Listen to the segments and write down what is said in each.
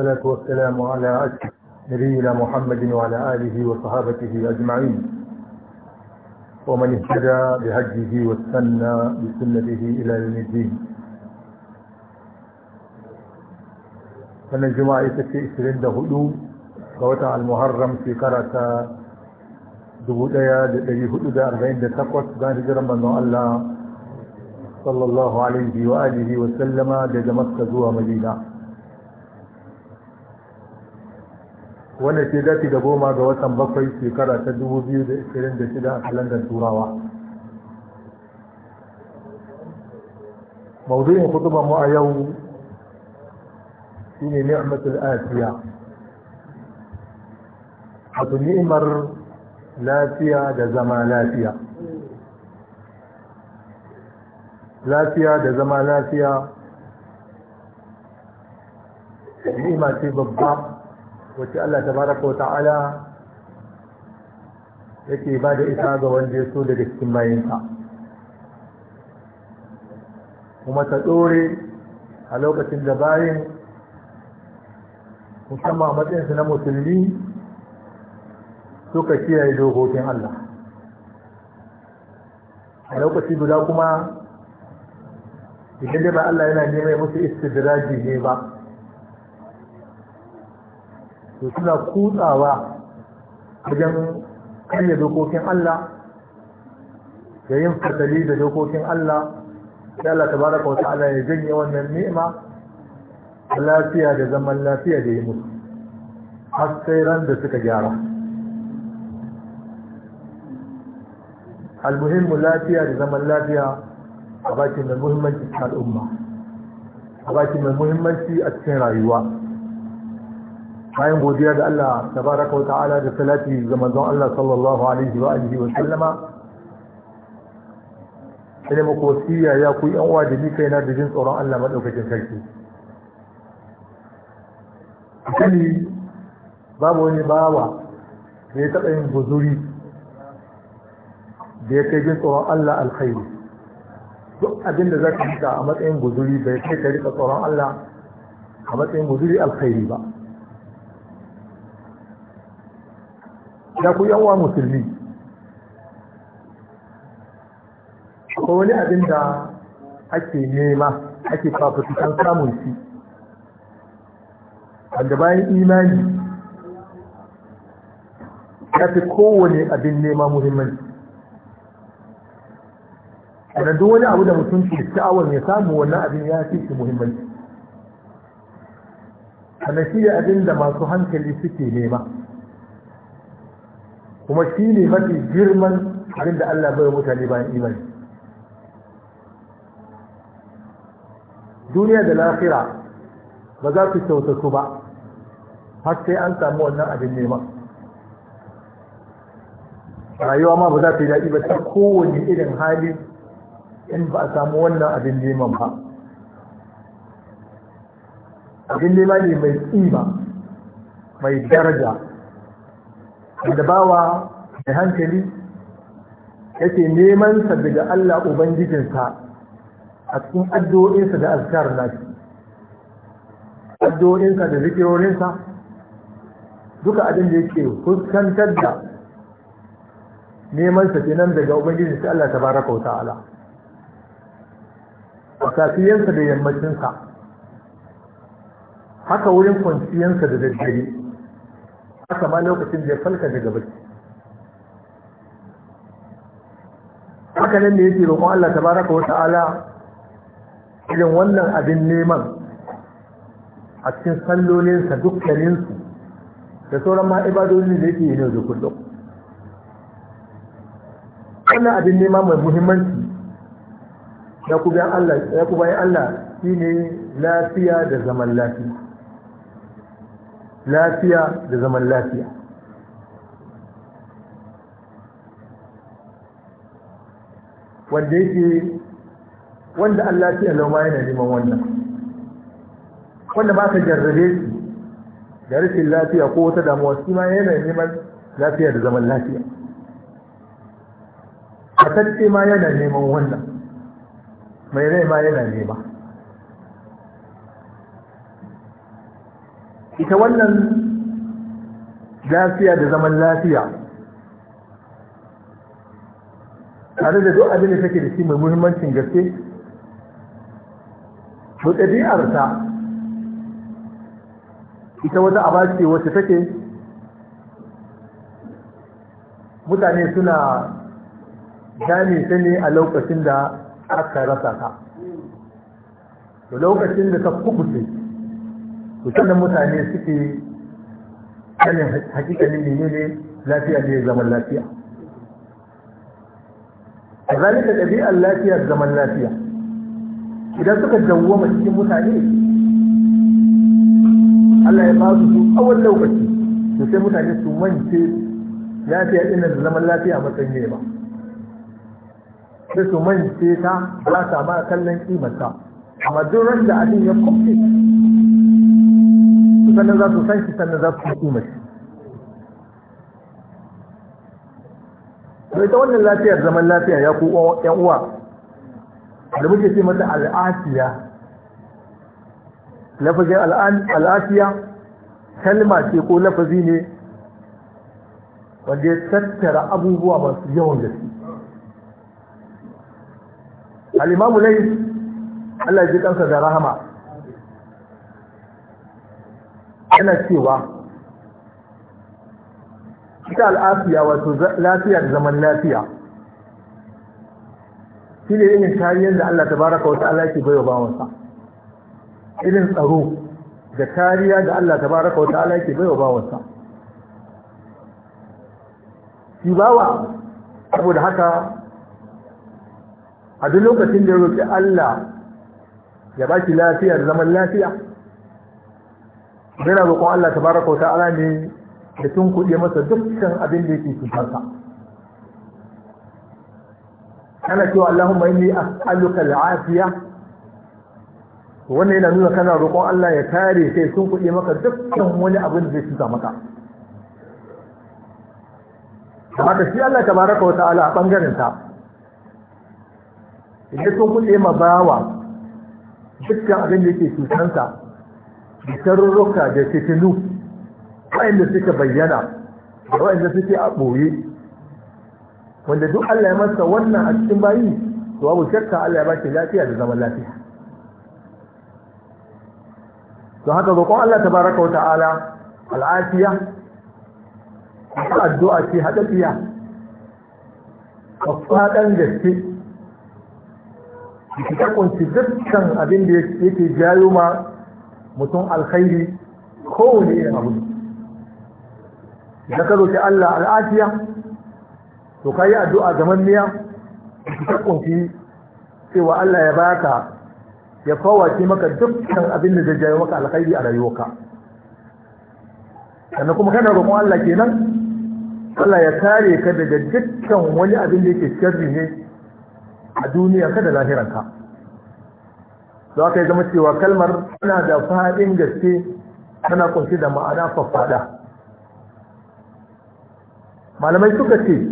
والصلاة والسلام على أشهر نبينا محمد وعلى آله وصحابته أجمعين ومن اهتدى بهجه والسنة بسنته إلى يوم الدين الجماعة في إسرين دهدو فوتع المهرم في قرأة دبودايا الذي هدو أربعين دا تقوى سبحان هجر من الله صلى الله عليه وآله وسلم دا مكة زوى مدينة wannan ke dace da goma ga watan bakwai shekara ta 2026 a kalandar turawa maudu'in kutuban mu a yau shi shine ni'matul afiya wato ni'imar lafiya da zama lafiya lafiya da zama lafiya ni'ima ce babba wacce Allah Ta baraka wa ta'ala yake ba da ita ga wanda ya so daga cikin bayansa kuma ta tsore a lokacin da bayan musamman matsayinsu na musulmi suka kiyaye dokokin Allah a lokaci guda kuma idan da ba Allah yana neman musu istidraji ne ba to suna kutsawa wajen karya dokokin Allah da yin fatali da dokokin Allah sai Allah tabaraka wa ala ya janye wannan ni'ima lafiya da zaman lafiya da yi musu har sai ran da suka gyara almuhimmu lafiya da zaman lafiya a bakin mai muhimmanci cikin al'umma a bakin mai muhimmanci a cikin rayuwa bayan godiya da Allah tabaraka wa ta'ala da salati ga manzon Allah sallallahu alaihi wa alihi wa sallama sai muku wasiya ya ku yan uwa da ni kaina da jin tsoron Allah madaukakin sarki kani babu wani bawa da ya taɓa yin guzuri da ya kai jin tsoron Allah alkhairi duk abin da za ka a matsayin guzuri bai kai ka rika tsoron Allah a matsayin guzuri alkhairi ba da ku yawa musulmi ko wani abin da ake nema ake fafutukan samun shi wanda bayan imani ya fi kowane abin nema muhimmanci sannan duk wani abu da mutum ke sha'awar ya samu wannan abin ya fi shi muhimmanci sannan shi abin da masu hankali suke nema kuma shi ne mafi girman abinda da Allah bai mutane bayan imani duniya da lafira ba za su kyautatu ba har sai an samu wannan abin nema rayuwa ma ba za su yi daɗi ba ta kowane irin hali in ba a samu wannan abin neman ba abin nema ne mai tsima mai daraja da bawa da hankali yake neman sa daga Allah ubangijinsa a cikin addu'o'insa da azkar nashi addu'o'insa da zikirorinsa duka abin da yake fuskantar da neman sa kenan daga Ubangijin sai Allah tabaraka wa ta'ala safiyansa da yammacinsa haka wurin kwanciyansa da daddare haka ma lokacin da ya falka daga bacci haka nan ne yake roƙon Allah tabaraka wa ta'ala irin wannan abin neman a cikin sallolinsa dukkaninsu da sauran ma ibadodin da yake yi da kullum wannan abin nema mai muhimmanci ya ku bayan Allah shi ne lafiya da zaman lafiya lafiya da zaman lafiya wanda yake wanda an lafiya lauma yana neman wannan wanda ba ka jarrabe su da rashin lafiya ko wata damuwa su ma yana neman lafiya da zaman lafiya a ma yana neman wannan mai rai ma yana nema ita wannan lafiya da zaman lafiya tare da duk abin da take da shi mai muhimmancin gaske to ɗabi'arta ita wata aba wacce take mutane suna gane ta ne a lokacin da aka rasa ta lokacin da ta kubuce to sannan mutane suke sanin hakikalin menene lafiya ne zaman lafiya a zalika ɗabi'ar lafiya zaman lafiya idan suka dawwama cikin mutane Allah ya basu su tsawon lokaci to sai mutane su mance lafiya ina da zaman lafiya a matsayin ba sai su mance ta za ta ma kallon kimarta amma duk ran da abin ya kwafi sannan za su san shi sannan za su hukuma shi Sai ita wannan lafiyar zaman lafiya ya ku yan uwa da muke ce mata al'asiya lafazin al'asiya kalma ce ko lafazi ne wanda ya tattara abubuwa masu yawan gaske al'imamu lai Allah ji kansa da rahama yana cewa ita al'afiya wato lafiya da zaman lafiya shi ne irin kariyar da Allah baraka wata Allah ke baiwa bawansa irin tsaro da kariya da Allah baraka wata Allah ke baiwa bawansa shi bawa saboda haka a duk lokacin da ya roƙi Allah ya baki lafiya da zaman lafiya da roƙon Allah ta bara kauta ala ne da tun kuɗe masa dukkan abin da yake cutarsa kana cewa Allahumma a as'aluka la'afiya. wannan yana nuna kana roƙon Allah ya tare sai tun kuɗe maka dukkan wani abin da zai cuta maka haka shi Allah ta bara kauta ala a bangaren ta, idan sun kuɗe ma bawa dukkan abin da yake cutansa da sharurruka da fitilu wa'anda suka bayyana da wa'anda suke a ɓoye wanda duk Allah ya masa wannan a cikin bayi to babu shakka Allah ya ba lafiya da zaman lafiya don haka roƙon Allah ta baraka wa ta'ala al'afiya addu'a ce haɗaɗiya a faɗan gaske ki ta kunci dukkan abin da yake jayo ma mutum alkhairi kowane irin abu da ka roƙi Allah al'afiya to ka yi addu'a zaman miya ta kunfi cewa Allah ya baka ya kowace maka dukkan abin da zai maka alkhairi a rayuwarka sannan kuma kana roƙon Allah kenan Allah ya kare ka daga dukkan wani abin da yake sharri ne a duniya ka da lahiranka za ka yi zama cewa kalmar tana da faɗin gaske tana kunshi da ma'ana faffada malamai suka ce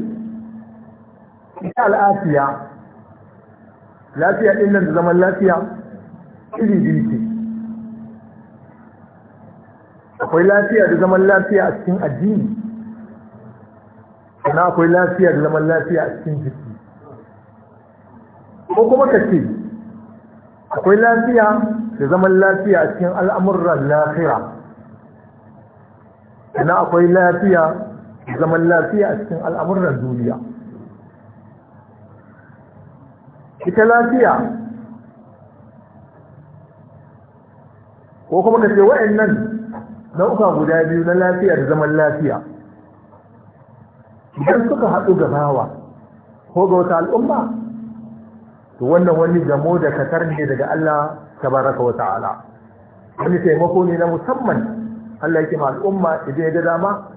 al'afiya lafiya ɗin nan da zaman lafiya iri biyu ce akwai lafiya da zaman lafiya a cikin addini sannan akwai lafiya da zaman lafiya a cikin jiki ko kuma ka ce akwai lafiya da zaman lafiya a cikin al'amuran lafiya Ina akwai lafiya da zaman lafiya a cikin al'amuran duniya ita lafiya ko kuma ka ce na nau'uka guda biyu na lafiya da zaman lafiya idan suka haɗu gabawa ko ga wata al'umma to wannan wani gamo da katar ne daga Allah tabaraka wa ta'ala wani taimako ne na musamman Allah yake ma al'umma idan ya ga dama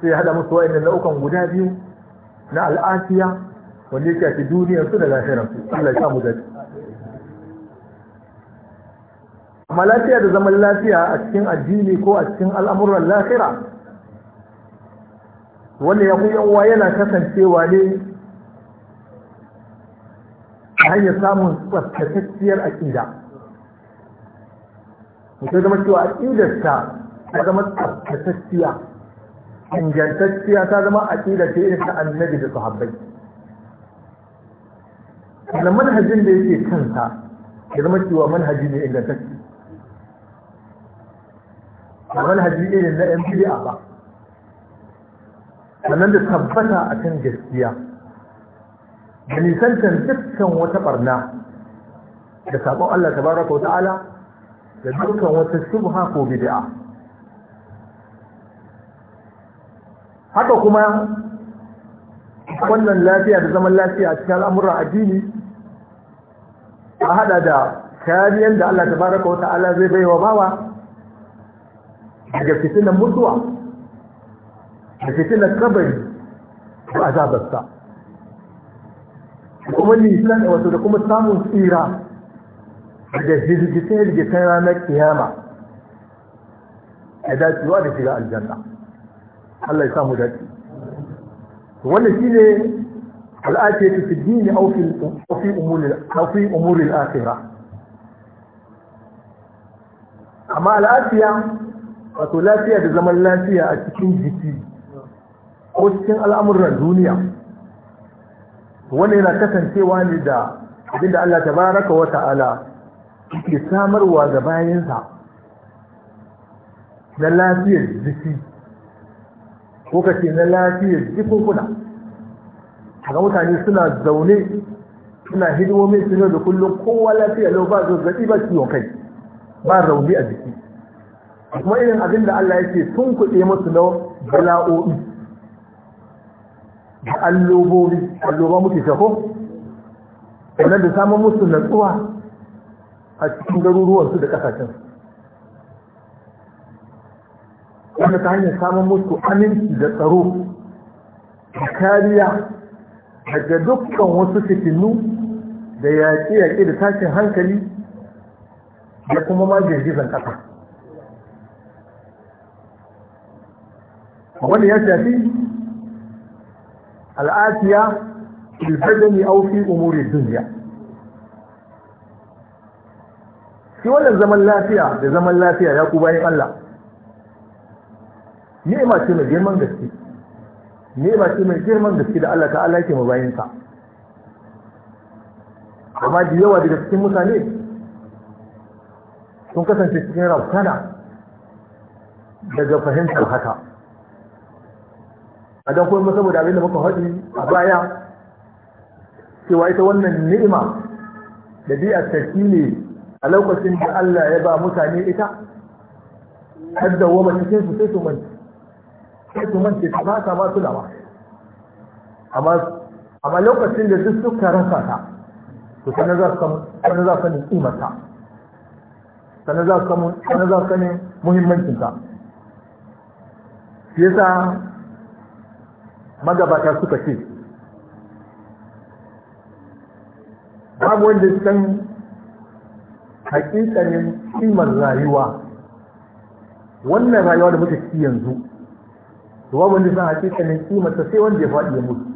sai ya hada musu wayanda nau'ukan guda biyu na al'asiya wanda yake shafi duniyar su da lafiyar su Allah ya mu dace amma lafiya da zaman lafiya a cikin addini ko a cikin al'amuran lafira wanda ya uwa yana kasancewa ne hanyar samun tsaftatacciyar aƙida mutum zama cewa aƙidarsa ta zama tsaftatacciya ingantacciya ta zama aƙida ce irin ta annabi da sahabbai na manhajin da yake kanta ya zama cewa manhaji ne ingantacci a manhaji irin na yan bid'a ba sannan da tabbata a kan gaskiya da nisantar dukkan wata barna da sabon Allah tabaraka wata'ala da dukkan wata shubha ko bid'a haka kuma wannan lafiya da zaman lafiya a cikin al'amuran addini a hada da kariyar da Allah tabaraka wata'ala zai baiwa bawa daga fitinan mutuwa da fitinan kabari da azabarsa kuma nisan wato da kuma samun tsira daga hirgitai-hirgitai ranar kiyama ya dacewa da shiga aljanna Allah ya samu dace wannan shi ne al'afiyar fi dini aufi umurin al'afira amma al'afiya wato lafiya da zaman lafiya a cikin jiki ko cikin al'amuran duniya Wani yana kasancewa ne da abin da Allah ta baraka wa ta'ala ke samarwa ga bayansa na lafiyar jiki ko kace na lafiyar jikokuna ga mutane suna zaune suna hidimomin su da kullum kowa lafiya lau ba zazzaɓi ba ciwon kai ba rauni a jiki kuma irin abin da Allah yake sun kuɗe masu na bala'o'i da allobobi alloba muke shafo wannan da samun musu natsuwa a cikin garuruwansu da kasashen wanda ta hanyar samun musu aminci da tsaro da kariya daga dukkan wasu fitinu da yaƙe-yaƙe da tashin hankali da kuma ma girgizan ƙasa wanda ya shafi al'afiya fil badani aw fi umuri dunya shi wannan zaman lafiya da zaman lafiya ya ku bayan Allah ni'ima ce mai girman gaske ni'ima ce mai girman gaske da Allah ta'ala yake mu bayin sa amma da yawa daga cikin mutane sun kasance cikin rabtana daga fahimtar haka a don kuma saboda abin da muka haɗi a baya cewa ita wannan ni'ima da biya tafi ne a lokacin da Allah ya ba mutane ita har da wama cikin su sai su manci sai su manci ta ba ta ba su lawa amma lokacin da duk suka rasa ta to sanar za su sani ƙimarta sanar za su sani muhimmancinta shi yasa magabata suka ce babu wanda san hakikanin kimar rayuwa wannan rayuwa da muka ci yanzu to babu wanda san hakikanin kimar ta sai wanda ya faɗi ya mutu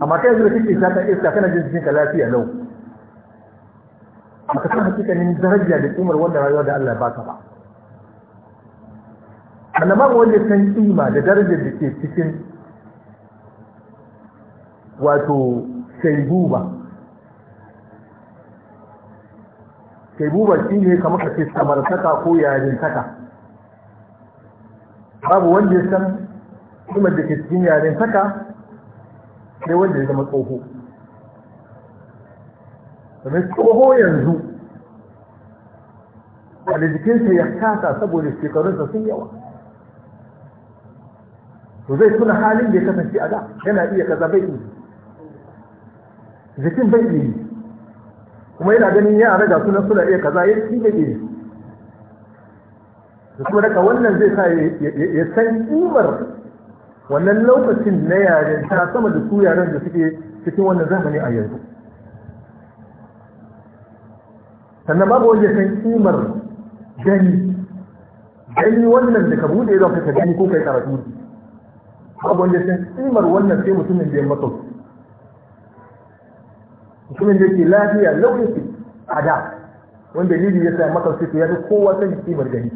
amma kai yanzu da kake sha iska kana jin jikinka lafiya lau Maka san hakikanin daraja da kimar wannan rayuwa da Allah ba ka ba malaman wanda san kima da darajar da ke cikin wato shaibuba shaibuba shi ne kamar ka ce samartaka ko yarintaka babu wanda ya san kima da ke cikin yarintaka sai wanda ya zama tsoho domin tsoho yanzu a jikinsa ya kasa saboda shekarunsa sun yawa to zai tuna halin da ya kasance a da yana iya kaza bai yi jikin bai yi kuma yana ganin ya raga suna suna iya kaza ya ci bai yi da kuma daga wannan zai sa ya san imar wannan lokacin na yaren ta sama da su yaren da suke cikin wannan zamani a yanzu sannan babu wanda ya san imar gani gani wannan da ka bude zan ka gani ko kai karatu babu wanda san tsimar wannan sai mutumin da ya masa mutumin da ke lafiya lauyinsu a da wanda dalili ya sa masa sai ya fi kowa san tsimar gari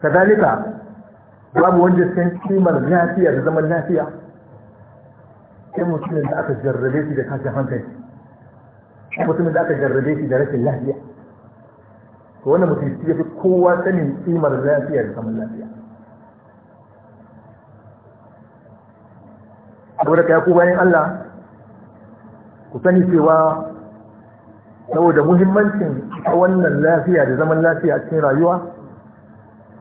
kazalika babu wanda san tsimar lafiya da zaman lafiya sai mutumin da aka jarrabe shi da tashin hankali sai mutumin da aka jarrabe shi da rashin lafiya to wannan mutum shi ya fi kowa sanin tsimar lafiya da zaman lafiya saboda ka yaku bayan Allah ku sani cewa saboda muhimmancin a wannan lafiya da zaman lafiya a cikin rayuwa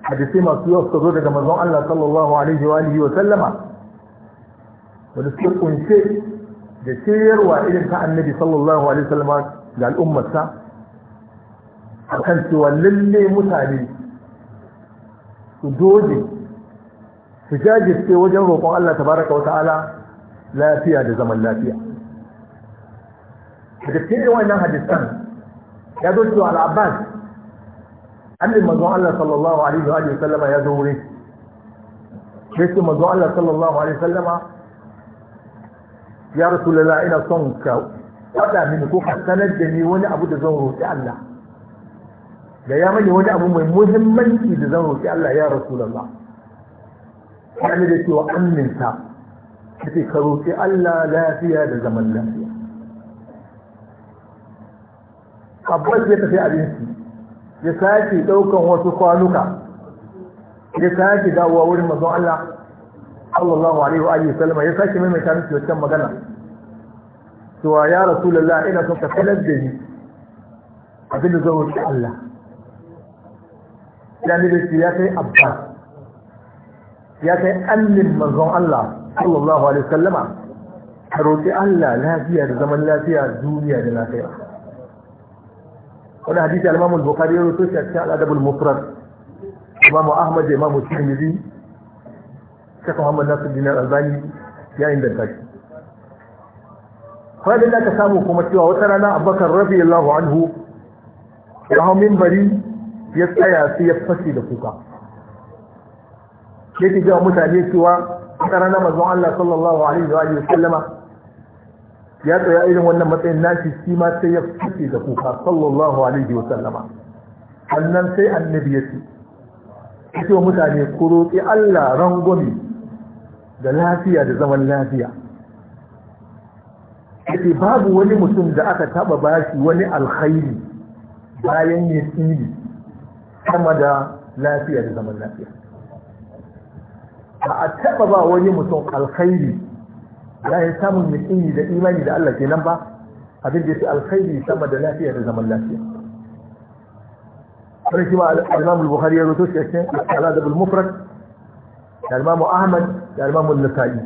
hadisai masu yawa suka zo daga manzon Allah sallallahu alaihi wa alihi wa sallama wanda suka kunce da ciyarwa irin ta annabi sallallahu alaihi wa sallama ga al'ummarsa akan cewa lalle mutane su doje su jajirce wajen roƙon Allah tabaraka wa ta'ala lafiya da zaman lafiya daga cikin wannan hadisan ya zo cewa al'abbas annabin manzon Allah sallallahu alaihi wa sallama ya zo wuri sai ce manzon Allah sallallahu alaihi wa sallama ya rasulullah ina son ka faɗa mini ko ka sanar da ni wani abu da zan roƙi Allah da ya mani wani abu mai muhimmanci da zan roƙi Allah ya rasulullah ya ne da cewa aminta kace ka roƙi Allah lafiya da zaman lafiya abbas ya tafi abinci ya sake ɗaukan wasu kwanuka ya sake dawowa wurin mazan Allah sallallahu alaihi wa alihi ya sake maimaita miki wancan magana cewa ya rasu rasulullah ina son ka sanar da ni abin da zan roƙi Allah ya ni da ya kai abbas ya kai allin mazan Allah sallallahu alaihi wasallama ka roƙi Allah lafiya da zaman lafiya duniya da lafiya wani hadisi al-Imam al-Bukhari ya rawaito shi a cikin al-Adab al-Mufrad Ahmad da Imam Tirmidhi Sheikh Muhammad Nasiruddin Al-Albani ya inganta shi fadin da ka samu kuma cewa wata rana Abubakar radiyallahu anhu ya hau minbari ya tsaya sai ya fashe da kuka yake jawa mutane cewa wata rana mazan Allah sallallahu alaihi wa sallama ya tsaya irin wannan matsayin nashi shi ma sai ya fice da kuka sallallahu alaihi wa sallama sannan sai annabi ya ce ake mutane ku roƙi Allah rangwami da lafiya da zaman lafiya ake babu wani mutum da aka taɓa bashi wani alkhairi bayan ya tsiri sama da lafiya da zaman lafiya ba a taɓa ba wani mutum alkhairi ya yi samun mutum da imani da Allah kenan ba abin da ya fi alkhairi sama da lafiya da zaman lafiya wani shi ma al al-bukhari ya rubuto shi a cikin al-adab al da al ahmad da al-imam an-nasa'i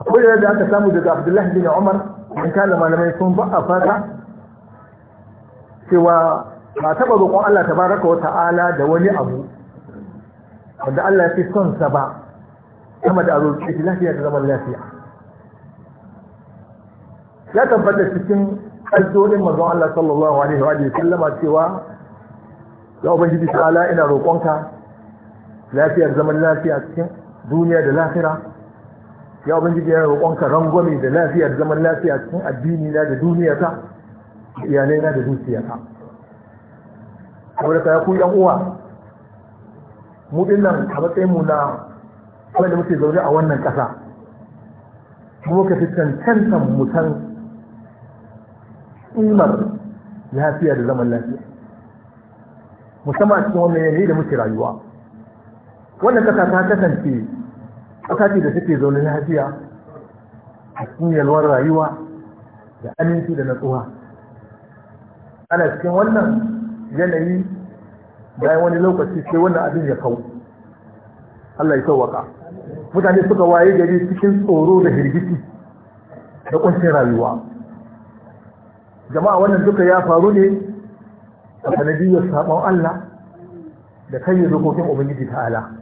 akwai da aka samu daga abdullahi bin umar in kana malamai sun ba a fata cewa ba taɓa roƙon Allah tabaraka wa ta'ala da wani abu wanda Allah ya fi son sa ba sama da roƙe shi lafiya da zaman lafiya ya tabbata cikin addu'o'in manzon Allah sallallahu alaihi wa sallama cewa ya ubangiji ta'ala ina roƙonka lafiyar zaman lafiya cikin duniya da lafira ya ubangiji yana roƙonka rangwame da lafiyar zaman lafiya cikin addini na da ta iyalai na da dukiyata saboda ka ya ku yan uwa mu dinnan a matsayin mu na da muke zaune a wannan ƙasa mu ka fi cancantan mutan imar lafiya da zaman lafiya musamman cikin wannan yanayi da muke rayuwa wannan ƙasa ta kasance ƙasa ce da take zaune lafiya a cikin yalwar rayuwa da aminci da natsuwa ana cikin wannan yanayi bayan wani lokaci sai wannan abin ya kawo Allah ya sauwaka mutane suka waye gari cikin tsoro da hirgiti da kuncin rayuwa jama'a wannan duka ya faru ne a sanadiyar sabon Allah da kan yi dokokin Ubangiji ta'ala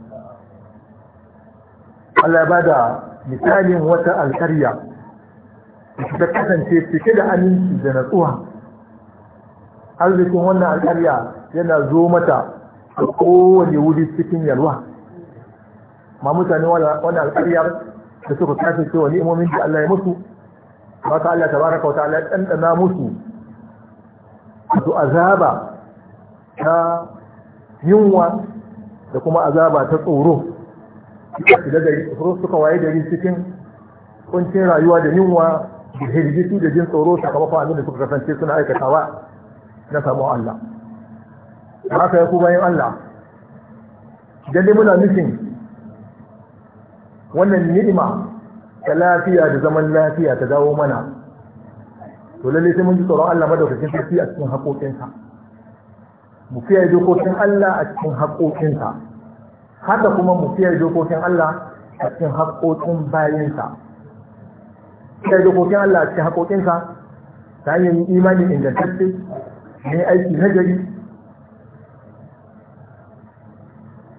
Allah ya bada misalin wata alkarya da kasance cike da aminci da natsuwa arzikin wannan alkarya yana zo mata a kowane wuri cikin yalwa ma mutane wani alƙaryar da suka ce cewa imomin da Allah ya musu ba ta Allah tabaraka wa Allah ya ɗanɗana musu su azaba ta yunwa da kuma azaba ta tsoro suka waye gari cikin kuncin rayuwa da yunwa da hirgisu da jin tsoro sakamakon abin da suka kasance suna aikatawa na samu Allah haka ya ku bayan Allah dai muna nufin wannan ni'ima ta lafiya da zaman lafiya ta dawo mana to lalle sai mun ji tsoron Allah madaukakin sarki a cikin haƙoƙinsa mu kiyaye dokokin Allah a cikin haƙoƙinsa haka kuma mu kiyaye dokokin Allah a cikin haƙoƙin bayansa kiyaye dokokin Allah a cikin haƙoƙinsa ta hanyar imani ingantacce ne aiki nagari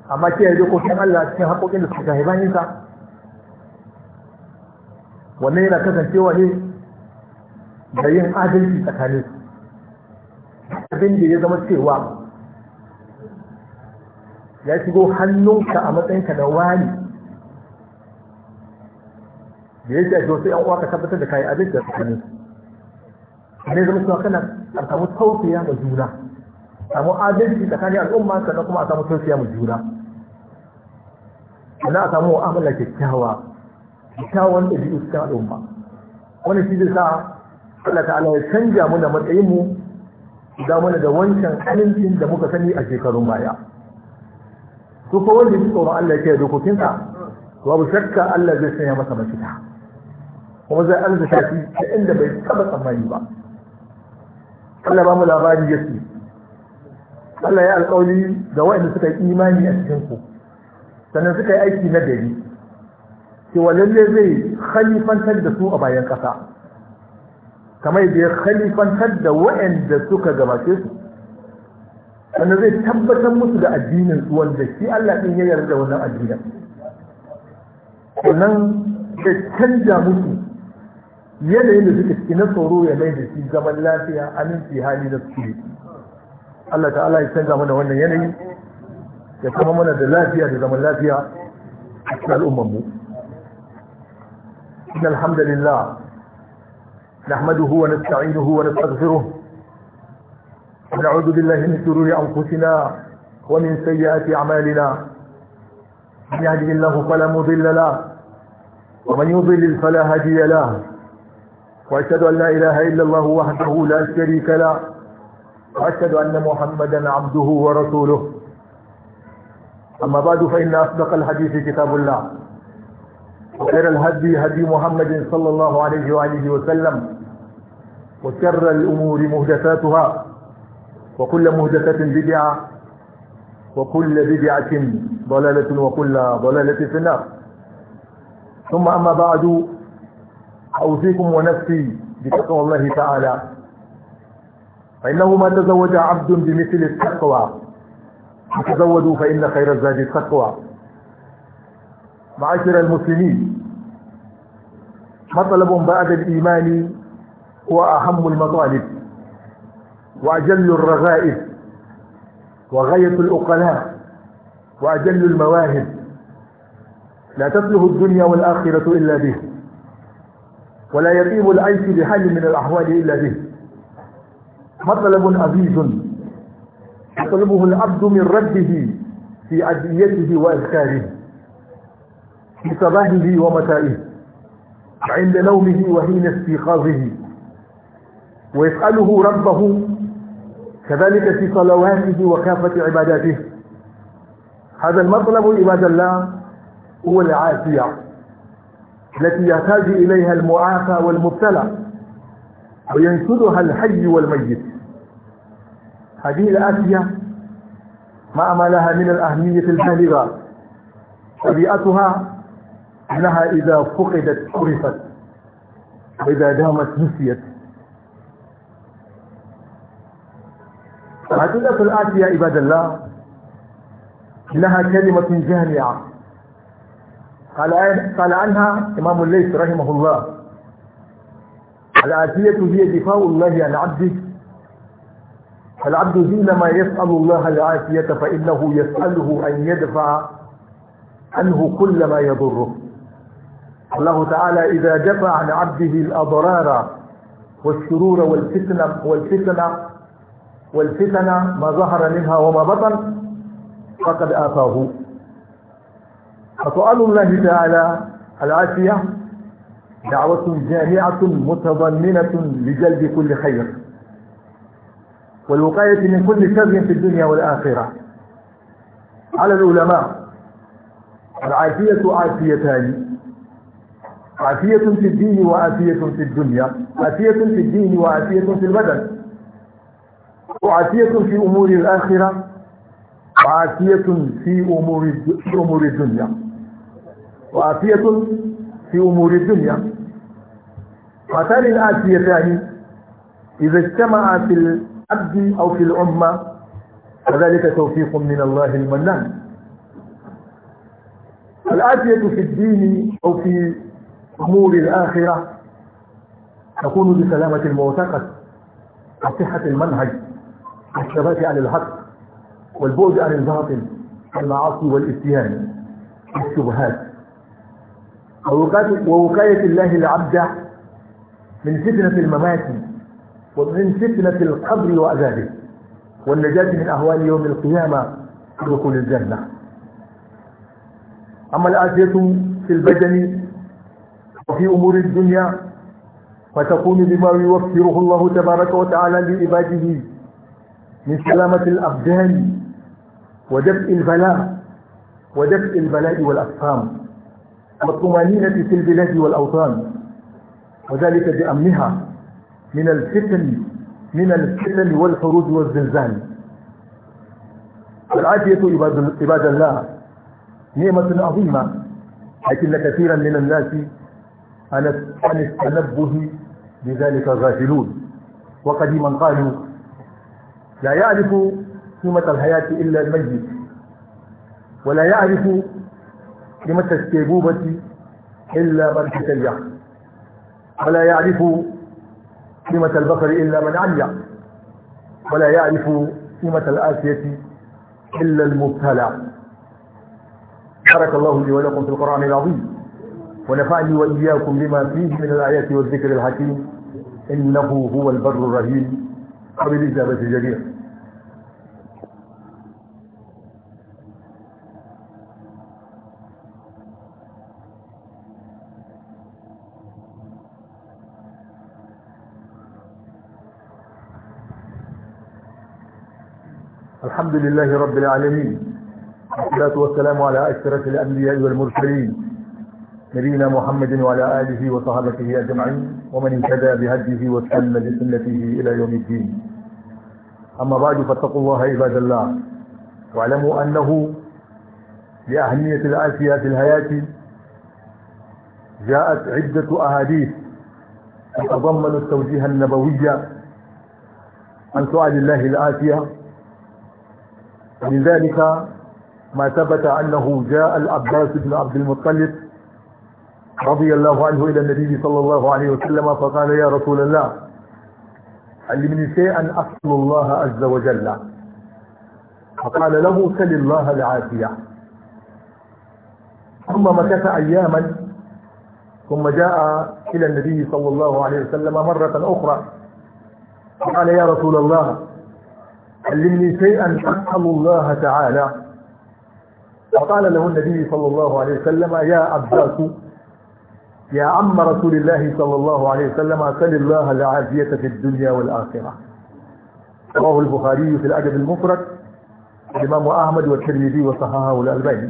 amma ke yaje ko kan Allah cikin haƙoƙin da suka haiban ka. wannan yana kasancewa ne da yin adalci tsakanin abin da ya zama cewa ya shigo hannunka a matsayinka da wani da ya shafi wasu yan uwa ka tabbatar da kayi da tsakanin ne zama cewa kana samu tausaya ma juna samu adalci tsakanin al'umma sannan kuma a samu sosiya mu juna sannan a samu wa'amala kyakkyawa kyakkyawan biyu cikin al'umma wani shi zai sa Allah ta'ala ya canja mu da matsayin mu da mana da wancan amincin da muka sani a shekarun baya su ko wanda shi tsoron Allah ke dokokinsa babu shakka Allah zai sanya masa mafita kuma zai arzuta shi ta inda bai taba tsammani ba Allah ba mu labari ya Allah ya alƙawari ga waɗanda suka yi imani a cikin ku sannan suka yi aiki na gari cewa lalle zai khalifantar da su a bayan ƙasa kamar yadda ya khalifantar da waɗanda suka gabace su sannan zai tabbatar musu da addinin su wanda shi Allah ɗin ya yarda da wannan addinin sannan da canja musu yanayin da suka cikin na tsoro ya mai da shi zaman lafiya aminci hali na su Allah ta'ala ya canza mana wannan yanayi ya kuma mana da lafiya da zaman lafiya a cikin al'ummanmu إن الحمد لله نحمده ونستعينه ونستغفره ونعوذ بالله من شرور أنفسنا ومن سيئات أعمالنا من يهده الله فلا مضل له ومن يضلل فلا هادي له وأشهد أن لا إله إلا الله وحده لا شريك له وأشهد أن محمدا عبده ورسوله أما بعد فإن أصدق الحديث كتاب الله وخير الهدي هدي محمد صلى الله عليه وآله وسلم وشر الأمور مهدثاتها وكل مهدثة بدعة وكل بدعة ضلالة وكل ضلالة في النار ثم أما بعد أوصيكم ونفسي بتقوى الله تعالى فإنه ما تزوج عبد بمثل التقوى فتزوجوا فإن خير الزاد التقوى معاشر المسلمين مطلب بعد الإيمان هو أهم المطالب وأجل الرغائب وغاية الأقلاء وأجل المواهب لا تفله الدنيا والآخرة إلا به ولا يقيم العيش بحال من الأحوال إلا به مطلب عزيز يطلبه العبد من ربه في أديته وأذكاره في صباحه ومسائه عند نومه وحين استيقاظه ويسأله ربه كذلك في صلواته وكافة عباداته هذا المطلب عباد الله هو العافية التي يحتاج إليها المعافى والمبتلى وينشدها الحي والميت هذه الآتية ما أملها من الأهمية البالغة طبيعتها أنها إذا فقدت عرفت وإذا دامت نسيت العقيدة الآتية عباد الله إنها كلمة جامعة قال عنها إمام الليث رحمه الله الآتية هي دفاع الله عن عبده فالعبد حينما يسأل الله العافية فإنه يسأله أن يدفع عنه كل ما يضره الله تعالى إذا دفع عن عبده الأضرار والشرور والفتنة والفتنة والفتنة ما ظهر منها وما بطن فقد آتاه فسؤال الله تعالى العافية دعوة جامعة متضمنة لجلب كل خير والوقاية من كل شر في الدنيا والآخرة على العلماء العافية عافيتان عافية في الدين وعافية في الدنيا عافية في الدين وعافية في البدن وعافية في أمور الآخرة وعافية في أمور أمور الدنيا وعافية في أمور الدنيا هاتان العافيتان إذا اجتمعت في العبد أو في الأمة فذلك توفيق من الله المنان الآتية في الدين أو في أمور الآخرة تكون بسلامة المعتقد وصحة المنهج والثبات عن الحق والبعد عن الباطل والمعاصي والاتهام والشبهات ووقاية الله العبد من فتنة الممات ومن فتنة القبر وعذابه والنجاة من أهوال يوم القيامة ودخول الجنة أما الآتية في البدن وفي أمور الدنيا فتكون بما يوفره الله تبارك وتعالى لعباده من سلامة الأبدان ودفء البلاء ودفء البلاء والأسقام والطمانينة في البلاد والأوطان وذلك بأمنها من الفتن من الفتن والحروج والزلزال العافية عباد الله نعمة عظيمة لكن كثيرا من الناس عن التنبه لذلك غافلون وقديما قالوا لا يعرف قيمة الحياة إلا الميت ولا يعرف قيمة السيبوبة إلا من تسيح ولا يعرف قيمة البقر إلا من عليا ولا يعرف قيمة الآسية إلا المبتلى بارك الله لي ولكم في القرآن العظيم ونفعني وإياكم بما فيه من الآيات والذكر الحكيم إنه هو البر الرهيب قبل إجابة الجدير الحمد لله رب العالمين والصلاة والسلام على أشرف الأنبياء والمرسلين نبينا محمد وعلى آله وصحبه أجمعين ومن اهتدى بهديه واتبع بسنته إلى يوم الدين أما بعد فاتقوا الله عباد الله واعلموا أنه لأهمية الآسية في الحياة جاءت عدة أحاديث تتضمن التوجيه النبوي عن سؤال الله الآتية ولذلك ما ثبت أنه جاء العباس بن عبد المطلب رضي الله عنه إلى النبي صلى الله عليه وسلم فقال يا رسول الله علمني شيئا أصل الله عز وجل فقال له سل الله العافية ثم مكث أياما ثم جاء إلى النبي صلى الله عليه وسلم مرة أخرى فقال يا رسول الله علمني شيئا أفهم الله تعالى فقال له النبي صلى الله عليه وسلم يا أبداك يا عم رسول الله صلى الله عليه وسلم سل الله العافية في الدنيا والآخرة رواه البخاري في الأدب المفرد الإمام أحمد والترمذي وصححه الألباني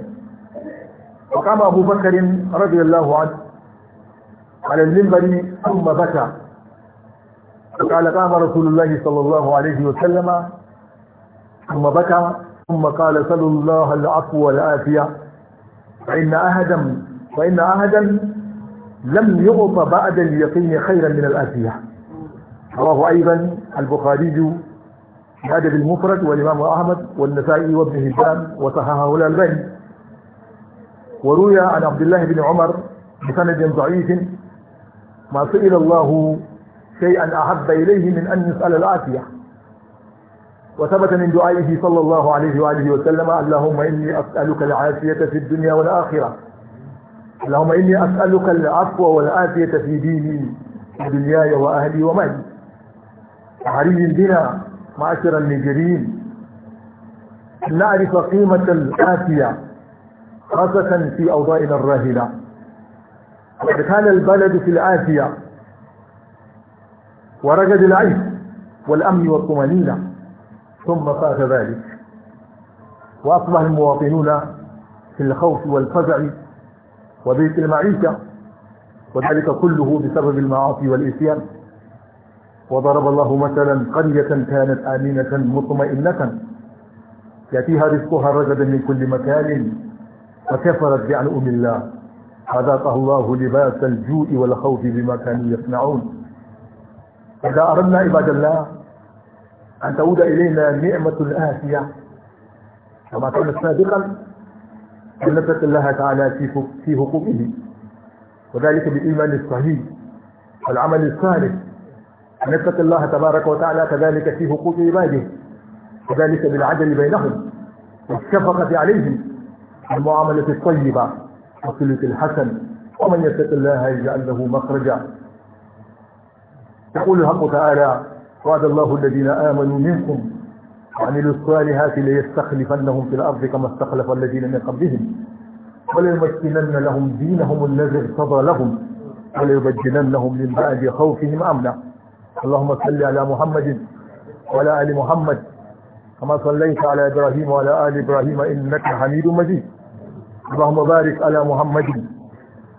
وقام أبو بكر رضي الله عنه على المنبر ثم بكى وقال قام رسول الله صلى الله عليه وسلم ثم بكى ثم قال سلوا الله العفو والعافية فإن أحدا فإن أحدا لم يعط بعد اليقين خيرا من الآتية رواه أيضا البخاري بأدب المفرد والإمام أحمد والنسائي وابن هشام وصححه الألباني وروي عن عبد الله بن عمر بسند ضعيف ما سئل الله شيئا أحب إليه من أن يسأل العافية وثبت من دعائه صلى الله عليه وآله وسلم اللهم إني أسألك العافية في الدنيا والآخرة اللهم إني أسألك العفو والعافية في ديني ودنياي وأهلي ومالي علي بنا معشر النجرين أن نعرف قيمة العافية خاصة في أوضاعنا الراهنة وقد كان البلد في العافية ورجد العيش والأمن والطمأنينة ثم فات ذلك وأصبح المواطنون في الخوف والفزع وضيق المعيشة وذلك كله بسبب المعاصي والإسيان وضرب الله مثلا قرية كانت آمنة مطمئنة يأتيها رزقها رجدا من كل مكان فكفرت أم الله فذاقه الله لباس الجوء والخوف بما كانوا يصنعون إذا أردنا عباد الله أن تعود إلينا نعمة آسية كما كان سابقا أن الله تعالى في حقوقه وذلك بالإيمان الصحيح والعمل الصالح أن الله تبارك وتعالى كذلك في حقوق عباده وذلك بالعدل بينهم والشفقة عليهم المعاملة الطيبة وصلة الحسن ومن يتق الله يجعل له مخرجا يقول الحق تعالى وعد الله الذين آمنوا منكم وعملوا الصالحات ليستخلفنهم في الأرض كما استخلف الذين من قبلهم وليمكنن لهم دينهم الذي ارتضى لهم وليبدلنهم من بعد خوفهم أمنا اللهم صل على محمد وعلى آل محمد كما صليت على إبراهيم وعلى آل إبراهيم إنك حميد مجيد اللهم بارك على محمد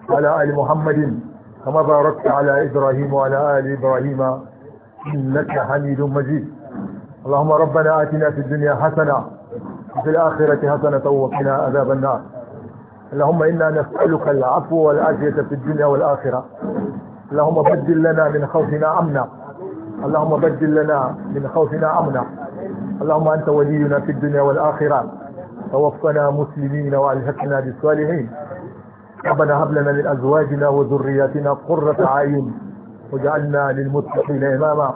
وعلى آل محمد كما باركت على إبراهيم وعلى آل إبراهيم إنك حميد مجيد اللهم ربنا آتنا في الدنيا حسنة وفي الآخرة حسنة وقنا عذاب النار اللهم إنا نسألك العفو والعافية في الدنيا والآخرة اللهم بدل لنا من خوفنا أمنا اللهم بدل لنا من خوفنا أمنا اللهم أنت ولينا في الدنيا والآخرة توفنا مسلمين وألهتنا بالصالحين ربنا هب لنا من أزواجنا وذرياتنا قرة عين واجعلنا للمتقين إماما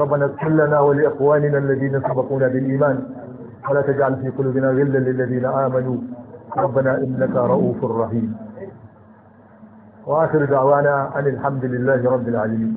ربنا اغفر لنا ولإخواننا الذين سبقونا بالإيمان ولا تجعل في قلوبنا غلا للذين آمنوا ربنا إنك رؤوف رحيم وآخر دعوانا أن الحمد لله رب العالمين